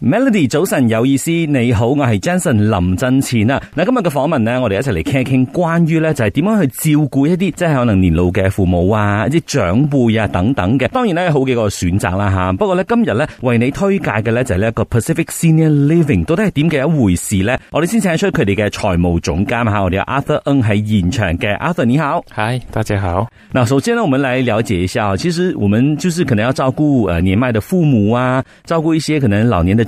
Melody 早晨有意思，你好，我係 Jason 林振前啊！嗱，今日嘅訪問呢，我哋一齊嚟傾一傾，關於呢就係點樣去照顧一啲即係可能年老嘅父母啊、一啲長輩啊等等嘅。當然有好幾個選擇啦吓。不過呢，今日呢為你推介嘅呢就係呢一個 Pacific Senior Living 到底係點嘅一回事呢？我哋先請出佢哋嘅財務總監吓，我哋 Arthur 恩喺現場嘅 Arthur，你好，嗨，大家好。嗱，首先呢，我們嚟了解一下啊。其實我們就是可能要照顧誒年邁嘅父母啊，照顧一些可能老年嘅。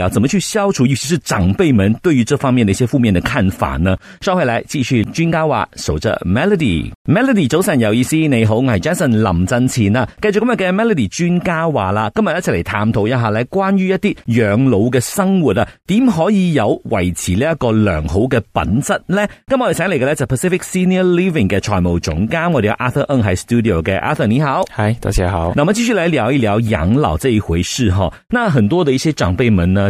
要怎麼去消除，尤其是長輩們對於這方面的一些負面的看法呢？收回來，繼續。專家話守着 Melody，Melody 早晨 Melody 有意思。你好，我係 Jason 林振前啊。繼續今日嘅 Melody 專家話啦，今日一齊嚟探討一下呢，關於一啲養老嘅生活啊，點可以有維持呢一個良好嘅品質呢？今日我哋請嚟嘅呢就 Pacific Senior Living 嘅財務總監，我哋有 Arthur Ng 喺 studio 嘅 Arthur，你好，嗨，大家好。咁啊，繼續嚟聊一聊養老這一回事哈。那很多的一些長輩們呢？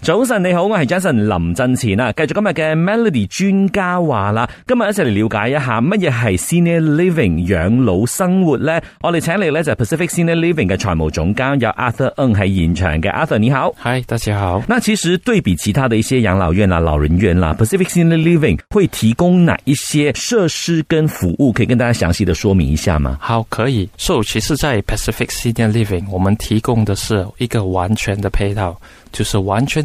早晨你好，我係 Jason 林振前啊，繼續今日嘅 Melody 專家話啦，今日一齊嚟了解一下乜嘢係 Senior Living 養老生活咧？我哋請嚟咧就係 Pacific Senior Living 嘅財務總監有 Arthur Ng 喺現場嘅 Arthur 你好，hi 大家好。那其實對比其他的一些養老院啦、老人院啦，Pacific Senior Living 會提供哪一些設施跟服務？可以跟大家詳細的說明一下嗎？好，可以。所以，so，其實在 Pacific Senior Living，我們提供嘅是一個完全的配套，就是完全。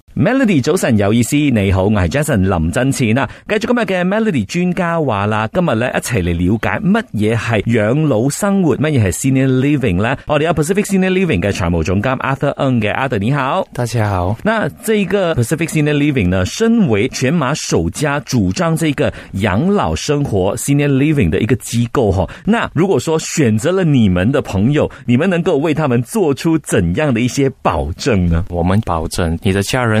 Melody 早晨，有意思，你好，我是 Jason 林真前啦，繼續今日嘅 Melody 專家話啦，今日咧一齊嚟了解乜嘢係養老生活，乜嘢係 senior living 咧？我哋有 Pacific Senior Living 嘅財務總監 Arthur Ng 嘅 Arthur 你好，大家好。那這個 Pacific Senior Living 呢，身為全馬首家主張這個養老生活 senior living 嘅一個機構吼，那如果說選擇了你們的朋友，你們能夠為他們做出怎樣的一些保證呢？我們保證你的家人。